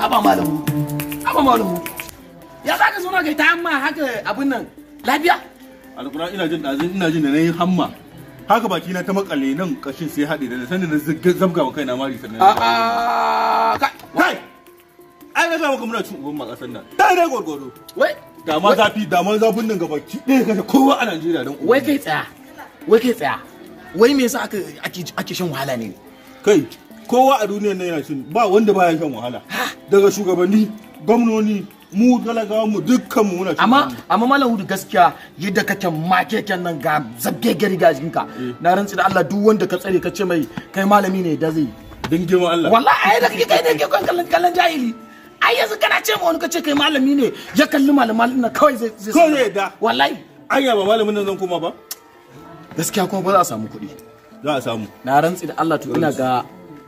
Aba malamu. Aba malamu. Ya za ka zauna kai ta hamma haka abin nan lafiya? Alƙura ina jin ɗazin ina jin da na yi hamma. Haka baki na ta makale nan kashin sai haɗe da sanda na zabga wa kaina mari sannan. Kai! Ai na gama muna cin uban ma ƙasar nan. Dai dai gwargwado. Wai. ma zafi da ma zafin nan gaba ki ɗaya kashe kowa a Najeriya don. Wai kai tsaya. Wai kai tsaya. Wai me yasa ake shan wahala ne? Kai kowa a duniyar nan yana shan ba wanda baya shan wahala daga shugabanni gwamnoni mu talagawa mu dukkan mu muna amma amma malam hudu gaskiya yadda kake makeken nan ga zabge gari ga jikinka eh. na rantsi da Allah duk wanda ka tsare ka ce mai kai malami ne da zai dan girman Allah wallahi ai da kike kai ne kike kallon kallon jahili ai yanzu kana ce mu wani ka ce kai malami ne ya kalli malaman nan kawai zai zai ko ne da wallahi ai ba malamin nan zan koma ba gaskiya kuma ba za a samu kuɗi za a samu na rantsi da Allah to ina ga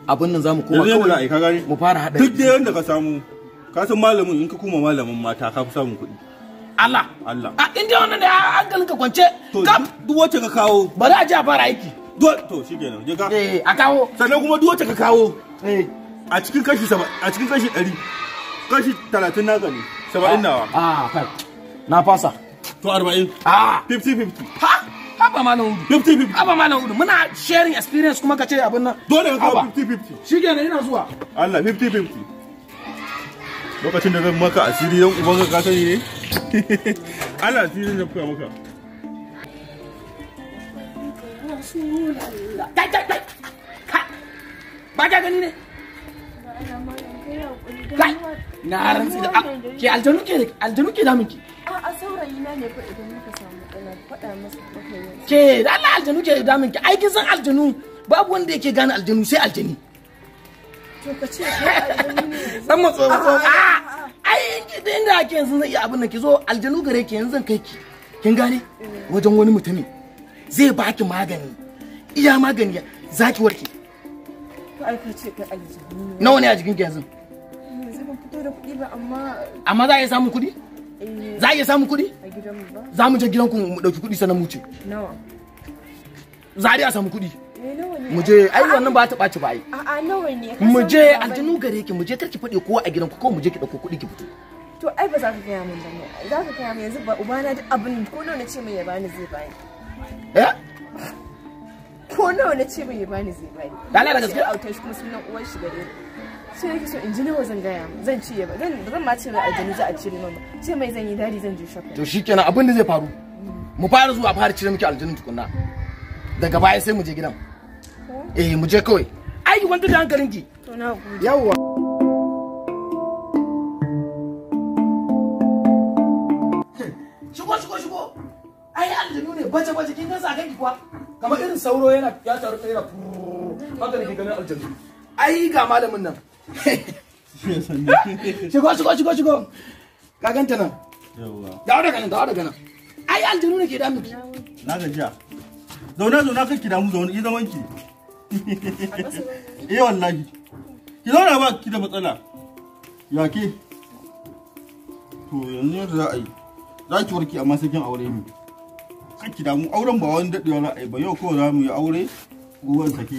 abin nan zamu koma kawai ka gani mu fara hada duk da yanda ka samu ka san malamin in ka koma malamin mata ka fi samun kuɗi Allah Allah ah, a inda wannan da hankalin ka kwance ka duk wacce ka kawo bari a ji a fara aiki to shikenan je ka eh a kawo sannan kuma duk wacce ka kawo eh a cikin kashi saba a cikin kashi 100 kashi 30 na gani 70 nawa a ah, ah, na fasa to 40 a 50 50 ha haba malam hudu 50 50 haba malam hudu muna sharing experience kuma ka ce abin nan dole ka 50 50 shikenan ina zuwa Allah 50 50 lokacin da zan maka asiri dan uban ka sani ne Allah asirin da maka Kai kai kai! Ba ka gani ne? kai na rantsi da ke aljanu ke aljanu ke da miki a saurayi na ne fa idan muka samu matsala faɗa masa ke da Allah aljanu ke da miki ai kin san aljanu babu wanda yake gane aljanu sai aljani to ka ce dan matso ai da inda ake yanzu zai iya abin nan ki zo aljanu gare ki yanzu zan kai ki kin gane eh. wajen wani mutumin zai baki magani iya magani zaki warke nawa ne a jikin ki yanzu da amma amma za a iya samun kuɗi eh. za a iya samun kuɗi za mu je gidan ku mu ɗauki kuɗi sannan mu ce za a iya samu kuɗi eh, mu je ai wannan ba ta ɓaci ba ai mu je aljinu gare ki mu je karki faɗe kowa a gidan ku kawai mu je ki ɗauko kuɗi ki fito to ai ba za ka gaya min ba ne za ka gaya min yanzu ba uba na duk abin ko nawa na ce min ya bani zai bani eh ko nawa na ce min ya bani zai bani dalala gaskiya autar shi kuma sunan uwar shi gare ni sai yake so in ji nawa zan gaya zan ci ya ba zan zan ma ce mai aljanu za a cire nawa sai mai zan yi dadi zan je shakka to shikenan abin da zai faru mu fara zuwa fara cire miki aljanun tukunna daga baya sai mu je gidan eh mu je kawai ai wanda da hankalin ki to na gode yawwa shigo shigo shigo ai aljanu ne bace bace kin gansa ganki kuwa kamar irin sauro yana ya taru tsaye da haka ne ke ganin aljanu ai ga malamin nan shigo shigo shigo shigo ka ganta nan dawo daga nan dawo daga nan ai aljanu ne ke damu na gajiya zauna zauna kan ki zauna ki zaman ki eh wallahi ki zauna ba ki da matsala ya ke to yanzu yadda za a yi za ki warke amma sai kin aure ni kan ki auren ba wani dadewa za a yi ba yau kawai za mu yi aure gobe sake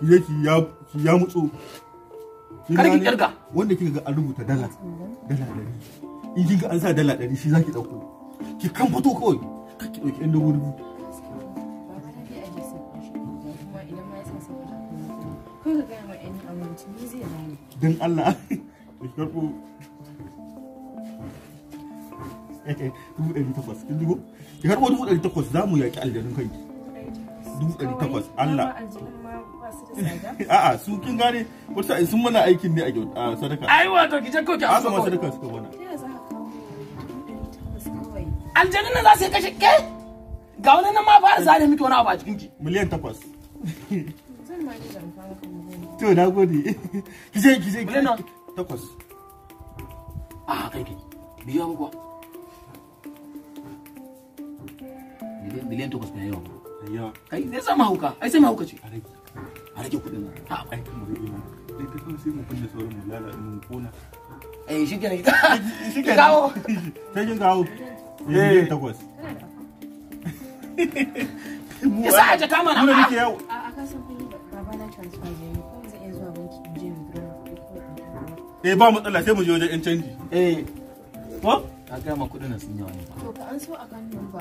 ki je ki ya mutsu kada ki wanda kika ga an rubuta dala dala dari in kika an sa dala dari shi zaki dauko ki kan fito kawai ki dauki yan don Allah ki dubu ɗari takwas ki dubu ɗari takwas za mu yaƙi kai dubu ɗari takwas Allah A'a su kin gane wata in sun mana aikin ne a sadaka. Ai wato ki je ko ki asuba. Asuba sadaka suka bana. Aljanin nan za su kashe ke? Ga wani nan ma ba za da miki wani abu a cikin ki. Miliyan takwas. To na gode. Ki je ki je ki takwas. A kai ki. Biya mu kuwa. Miliyan takwas ne yawa. Yawa. Kai zai sama hauka. Ai sai mahauka ce. a rage kuɗin nan a aikin mu rage mana dan ta kawai sai mu kunna sauran mu lala mu kona eh shi kenan shi kenan kawo sai kin kawo eh takwas yasa a jaka mana mu rike yau a kasan baba na transfer zai yi ko zai iya zuwa banki in je eh ba matsala sai mu je wajen yan canji eh ko ka gama kuɗin nan sun yawa ne to ka an so a kan numba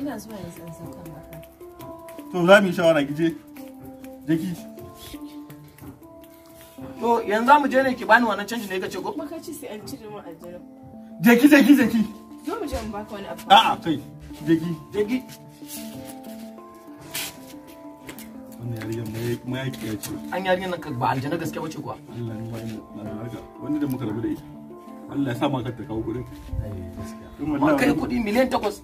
ina zuwa yanzu an saka maka to za mu yi shawara gije Jiki. To yanzu za mu je ne ki bani wannan canji ne kace ko? Maka ci sai an cire mu aljira. Jeki jeki jeki. Zo mu je mu baka wani abu. A'a kai. Jeki jeki. Wannan yarinyar mayaƙiya ce. An yarinyar nan ba aljana gaske wace kuwa? Allah ne mayaƙi na harka. Wanda da muka rabu da ita. Allah ya sa ma kanta kawo kuɗin. Ma kai kudi miliyan takwas.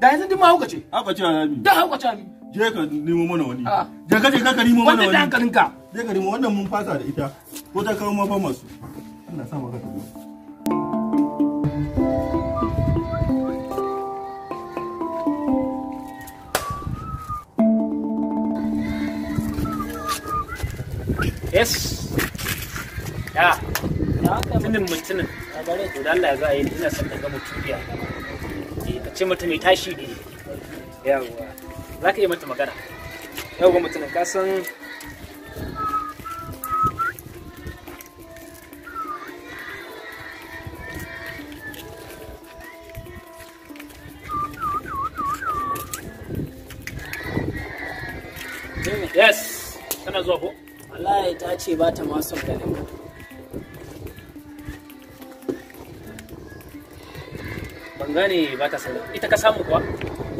Da yanzu duk ma hauka ce. Hauka ce a Da hauka ce a je ka nemo mana wani ah. je ka je ka ka nemo mana wani wanda dan ka je ka nemo wannan mun fasa da ita ko ta kawo ma ba masu sa maka Yes. Ya. Mutumin mutumin. da Allah ya yi ina son Ka eh, ce mutum tashi ne. za ka iya mata magana yau ga mutum ka san Yes, kana zuwa ko? Wallahi ta ce ba ta masu ganin. Ban gane ba ta sanar. Ita ka samu kuwa?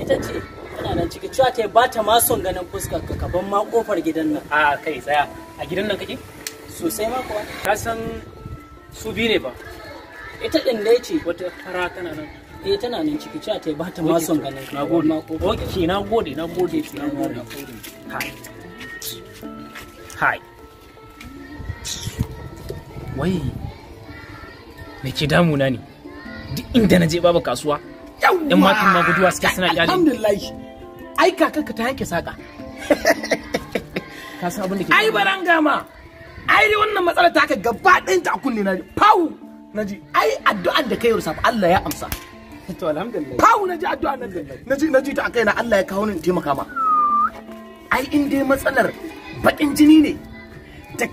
Ita ce. tana nan ciki cewa ta ba ta ma son ganin fuskar ka kaban ma kofar gidan nan a kai tsaya a gidan nan kake sosai ma kuwa ka san su biyu ne ba ita din dai ce wata fara tana nan eh tana nan ciki cewa ta ba ta ma son ganin ka nagode na nagode nagode nagode hi hi wai me ke damuna ne duk inda na je babu kasuwa yan matan ma guduwa suke suna iyali alhamdulillah ai kakanka ta yanke saka ka san abin da ke ai baran gama ai dai wannan matsala ta ka gaba ɗayan ta a kunne na pau naji ai addu'an da kai rusa Allah ya amsa to alhamdulillah pau naji addu'an nan naji naji ta kai na Allah ya kawo ni taimaka ma ai in dai matsalar bakin jini ne da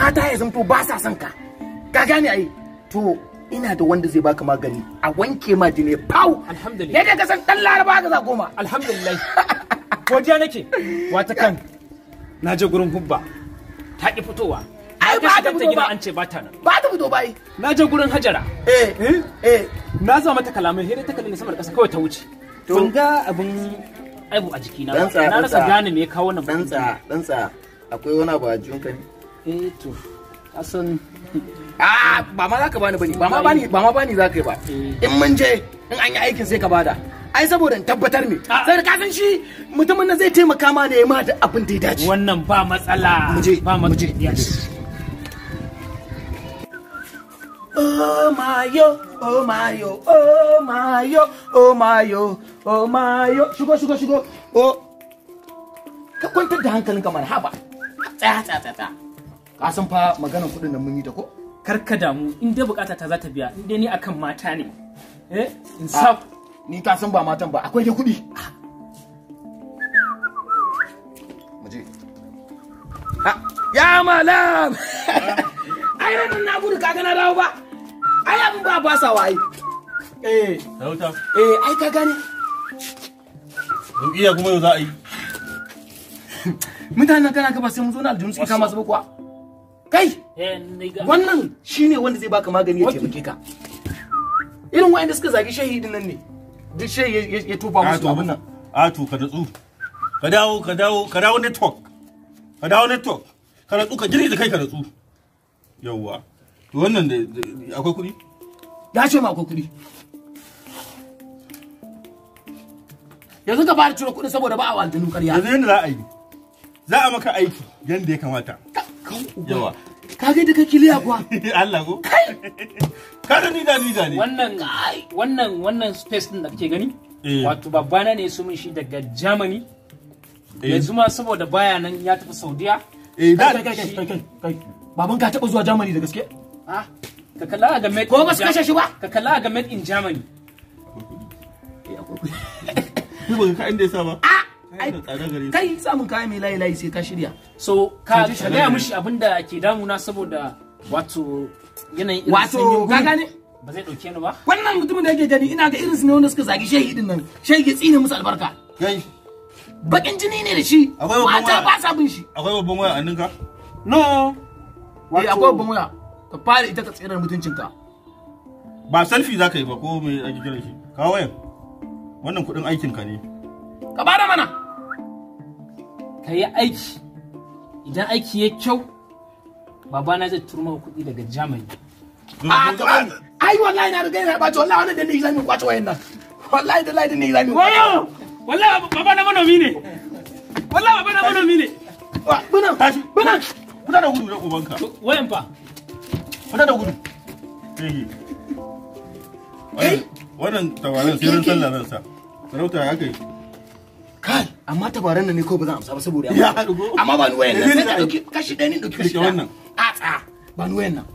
mata ya zanto ba sa son ka ka gane ai to ina da wanda zai baka magani a wanke ma jini pau alhamdulillah yadda ka san dan laraba ka za goma alhamdulillah godiya nake wata kan na je gurin hubba ta ki fitowa ai ba ta fito ba an ce ba ta nan ba ta fito bai na je gurin hajara eh eh, eh. na zama mata kalamai hira ta kalle samar kasa kawai ta wuce kun ga abin aibu a jikina na rasa gane me ya kawo nan dan tsa dan tsa akwai wani abu a jinka ne eh to asan a ah, ba ma za ka bani bane ba ma bani ba ma bani za ka yi ba in mun je in an yi aikin sai ka bada ai saboda tabbatar ne ah. sai ka san shi mutumin nan zai taimaka ma ne ma da abin da ya dace wannan ba matsala ba mu je Oh my yo, oh my yo, oh my yo, oh my yo, oh my yo. Shigo, shigo, shigo. Oh. Ka kwantar da hankalinka mana haba. Tsaya, tsaya, tsaya. Ka san fa maganan kuɗin da mun yi ta ko? kar ka damu in dai bukata ta za ta biya in dai ni akan mata ne eh in ah, sa ni ka san ba matan ba akwai dai kuɗi ah. ha ya malam ai ranar na gudu kaga na dawo ba ai abin ba ba sa waye. eh rauta eh ai ka gane iya kuma yau za a yi mutanen kana ka ba sai mun zo na aljihun suke kama su ba kuwa kai wannan shine wanda zai baka magani ya taimake ka irin wa'anda suka zagi shahidin nan ne duk shehi ya tofa musu abin nan atu ka datsu ka dawo ka dawo ka dawo network ka dawo network ka datsu ka jirgi da kai ka datsu yawwa to wannan da akwai kuɗi ya ce ma akwai kuɗi yanzu ka fara ciro kuɗi saboda ba a aljanu ƙarya yanzu yanda za a yi za a maka aiki yanda ya kamata yawa kage da kake liya kuwa Allah ko kai kada ni da ni da ni wannan wannan wannan space din da kake gani eh. wato babana ne su mun shi daga Germany eh. yanzu ma saboda baya nan ya tafi Saudiya eh da kai kai kai baban ka taba zuwa Germany da gaske ah ka kalla ga made ko ba shi ba ka kalla ga made in Germany Ni ba ka inda ya sa ba. Ah! kai samun kaya mai layi layi sai ka shirya so ka gaya mishi abinda ke damuna saboda wato yanayin wato ka gane ba zai dauke ni ba wannan mutumin da yake gani ina ga su ne wanda suka zagi shehi din nan shehi ya tsine musu albarka bakin jini ne da shi mata ba sa bin shi akwai babban waya a ninka no eh, wato akwai babban waya ka fara ita ka tsirar mutuncinka ba selfie za ka yi ba ko mai ake kiran shi ka wayan wannan kudin aikinka ne ka bada mana ka yi aiki idan aiki ya kyau babana zai turo maka kuɗi daga germany ah, ah, ai wallahi na riga yana ɓaci wallahi wannan da ni zami kwace wayan nan wallahi da lai da ni zami wayo wallahi babana manomi ne wallahi babana manomi ne bunan tashi bunan fita da gudu na ubanka wayan fa fita da gudu wannan tawaran sirrin sallah zan sa sarauta ya kai. amma tabaran nan ne ko ba zan amsa ba saboda ya amma ba ni wayan nan kashi ɗaya ne dauki kashi wannan a tsa ba ni wayan nan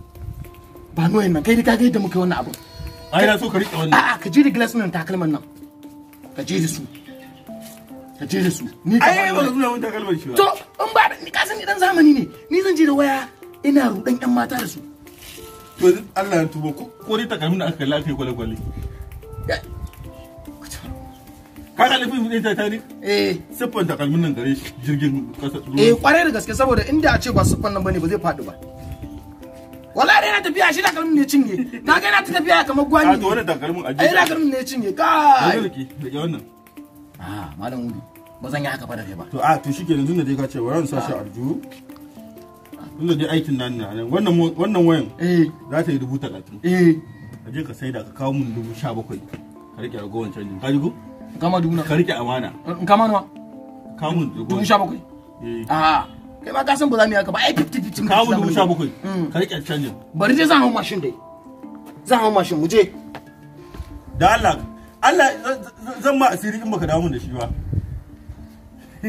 ba ni wayan nan kai ka ga yadda muka wannan abu ai na so ka rike wannan a'a ka je da glass nan takalman nan ka je da su ka je da su ni ka ai ba zuwa wannan takalman shi ba to in ba ni ka san ni dan zamani ne ni zan je da waya ina rudan yan mata da su to Allah ya tuba ko ni takalmin da aka lafiya kwale kwale ka ga Eh. Siffan nan gare shi jirgin Eh kwarai da gaske saboda inda a ce ba siffan nan bane ba zai faɗi ba. Wallahi yana tafiya shi ne cinye. ga yana ta tafiya kamar gwani. A ah, to wannan takalmin a jiya. Eh, Ai takalmin ne cinye. Kai. Da wannan. Ah malam Uli ba zan yi haka ba da kai ba. To a ah, to shike yanzu ne dai ka ce ran sa shi arju. Tunda dai aikin nan ne wannan wannan wayan. Eh. Za ta yi dubu talatin. Eh. Ka je ka saida ka kawo mun dubu sha bakwai. Ka riƙe ragowar canjin. Ka ji kama dubu na ka rike amana in kama nawa kamun dubu sha bakwai eh. a kai ma ka san ba za mu yi haka ba ai 50 50 kamun dubu sha bakwai hmm. ka rike canjin bari je zan hau mashin dai zan hau mashin mu je da Allah Allah zan ma asiri in baka damu da shi ba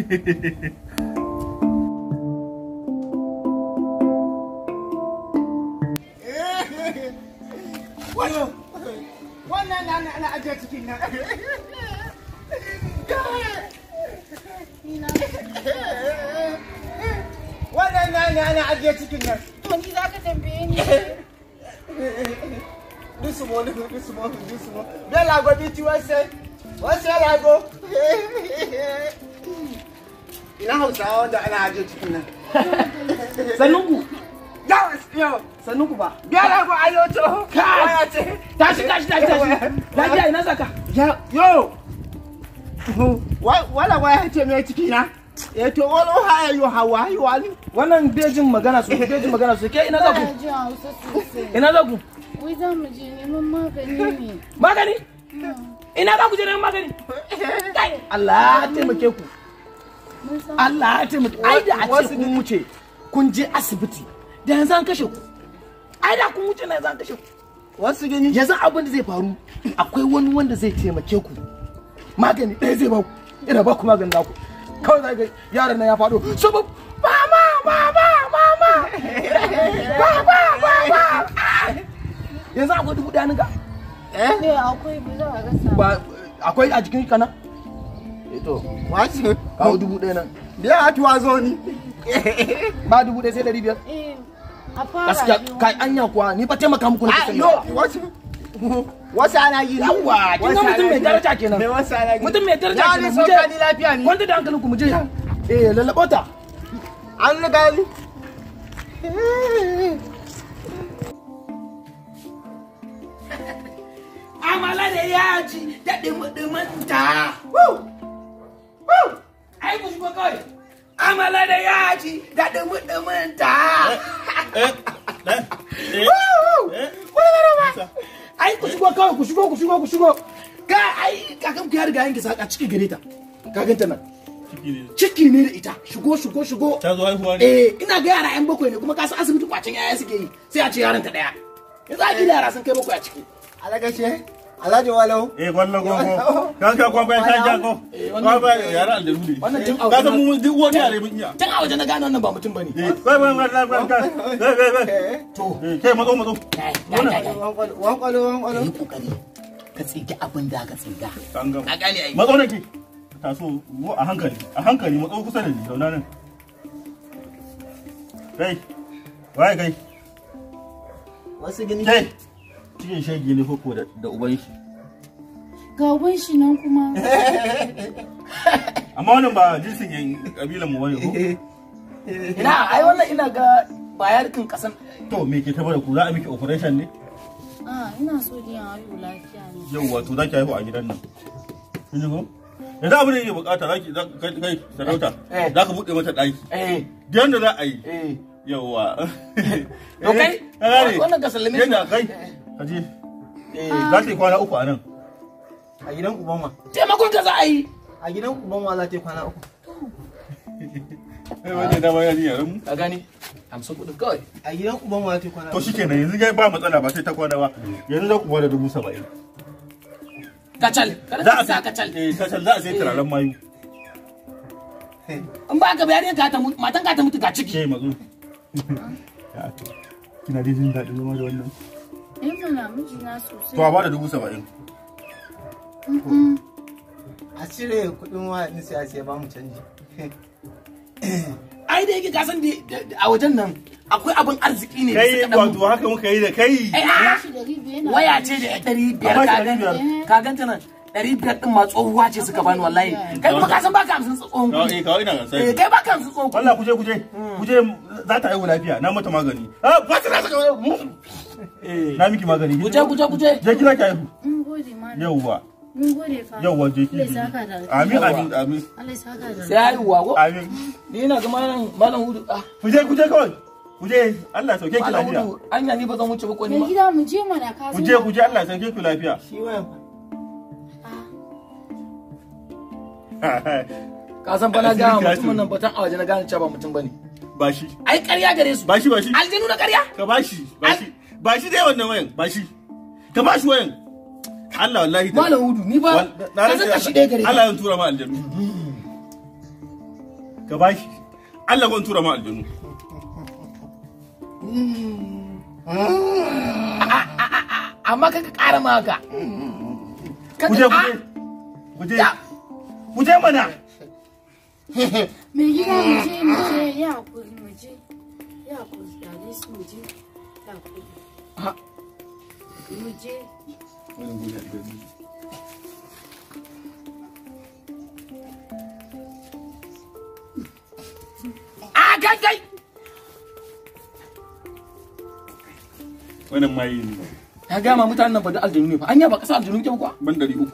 wannan na na ajiye cikin nan Waɗannan ne ana ajiye cikin nan. To za ka tambaye ni. Do some more, do some more, do Ina ana ajiye cikin nan. ba. Biyar ago ayo to. Kai. Tashi tashi tashi tashi. ina saka. Yo. wala waya ce mai ciki na eh to wala haya yo hawa yi ali wannan bejin magana su bejin magana su ke ina za ku ina za ku wai za mu je neman magani ne magani hmm. ina za ku je neman magani Allah ya taimake ku Allah ya taimake ai da a ce kun wuce kun je asibiti da yanzu an kashe ku ai da kun wuce na yanzu an kashe ku wasu gani yanzu abin da zai faru akwai wani wanda zai taimake ku magani ɗaya zai bau ina ba baku maganin ku kawai za ga yaran nan ya faɗo su ba mama mama mama mama mama yanzu akwai dubu ɗaya ga eh ne eh, akwai a ba akwai a jikin kana eto eh to wace kawo dubu ɗaya nan biya a tuwa zo ni ba dubu ɗaya sai ɗari biyar eh, gaskiya kai anya kuwa ni ba taimaka muku na kusa yi ba wasu ana yi yawa kin ga mutum mai daraja kenan mai wasu ana yi mutum mai daraja kenan mu je ni lafiya ni wanda da hankalin ku mu je eh lalabo ta an riga ni amala da yaji da dumudumin ta ai ku shigo kawai amala da yaji da dumudumin ta Eh, eh, eh, eh, eh, eh, eh, eh, ai ku shigo kawai ku shigo ku shigo ku shigo ga ai kakan ku ya riga yanke saka ciki gare ta ka ganta nan ciki ne da ita shigo shigo shigo ta zo haihuwa ne eh ina ga yara yan bakwai ne kuma ka san asibiti kwacin yaya suke yi sai a ce yaran ta daya yanzu a gida yara sun kai bakwai a ciki alagashe Alhaji Walau. Eh gwallo gogo. Kan ka kwamba yara aljanu ne. Wannan tun Ka san mu duk wani mun iya. Tun auje na gane wannan ba mutum bane. Kai ban ban ban ka. Kai kai kai. To. Kai mazo mazo. wan kwalo wan kwalo. Yi kokari. Ka tsige abin da ka tsiga. Ka gane ai. Mazo nake. Taso a hankali. A hankali mazo kusa da ni zauna nan. Kai. kai. Wasu Kai. cikin shagi ne ko da uban shi ga uban shi nan kuma amma wannan ba jinsin yan kabilan mu bane ko ina ai wannan ina ga bayar kin kasan to me ke tabar ku za a miki operation ne ah ina so dai a yi lafiya ne yawa to zaki haihu a gidan nan kin ji ko yanzu abin da yake bukata zaki ki kai sarauta eh. za ka bude mata daki eh da yanda za a yi eh. yawa to kai wannan ka sallame shi kai eh. aji Eh, ah. za ta yi kwana uku a nan. A gidan uban ubanwa. Taimakon ka za a yi. A gidan ubanwa za ta yi kwana uku. Eh, wanda dama ya ji yaron mu. Ka gane? Amsa kuɗin kawai. A gidan ubanwa za ta kwana uku. To shikenan yanzu ga ba matsala ba sai ta kwana ba. Yanzu za ku bada dubu saba'in. Kacal. Za a sa kacal. Eh, kacal za a sai turaren mayu. Eh. In ba ka bayar ka ta matan ka ta mutu ga ciki. Ke mazo. Kina jin daɗin zama da wannan. sosai. To a bada dubu saba'in. A cire wa in sai a ce ba mu canji. Ai dai yake kasan a wajen nan akwai abin arziki ne. Kai wato haka muka yi da kai. Eh, waya ce da ɗari eh. ka ganta nan. ɗari biyar ɗin ma tsohuwa ce suka bani wallahi kai kuma kasan baka hamsin tsohon kuɗi eh, kawai ina gansai eh, kai baka hamsin tsohon wallahi kuje kuje kuje za ta haihu lafiya na mata magani ah ba ta rasa kawai eh. na miki magani kuje kuje kuje je kina ki haihu yauwa yauwa je ki amin amin amin sai haihuwa ko amin ni na ga malam malam hudu ah. kuje kuje kawai kuje Allah sauke ki lafiya anya ni ba zan wuce ba ko ni ba gida mu je mana ka kuje kuje Allah sauke ki lafiya shi ka san bana ga mutum nan batan a waje na gane cewa ba mutum bane ba shi ai ƙarya gare su ba shi ba shi aljanu na ƙarya ka ba shi ba shi ba shi dai wannan wayan ba shi ka ba shi wayan Allah wallahi malam hudu ni ba ka san ka shi dai gare Allah ya tura ma aljanu ka ba shi Allah ya tura ma aljanu amma ka ka ƙara ma haka je ku je mu je mana a gida mu je mu je ya hakuri mu je ya hakuri da ne mu je ya mu je a kai kai wannan mai ne ya gama mutanen nan ba da aljanu ne fa anya ba kasa aljanu ke kuwa ban dari uku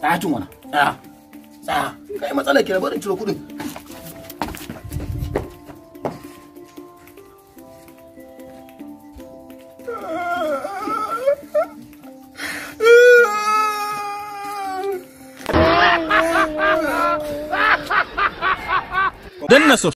ta tun wana tsaya kai matsalar ke na barin ciro kuɗin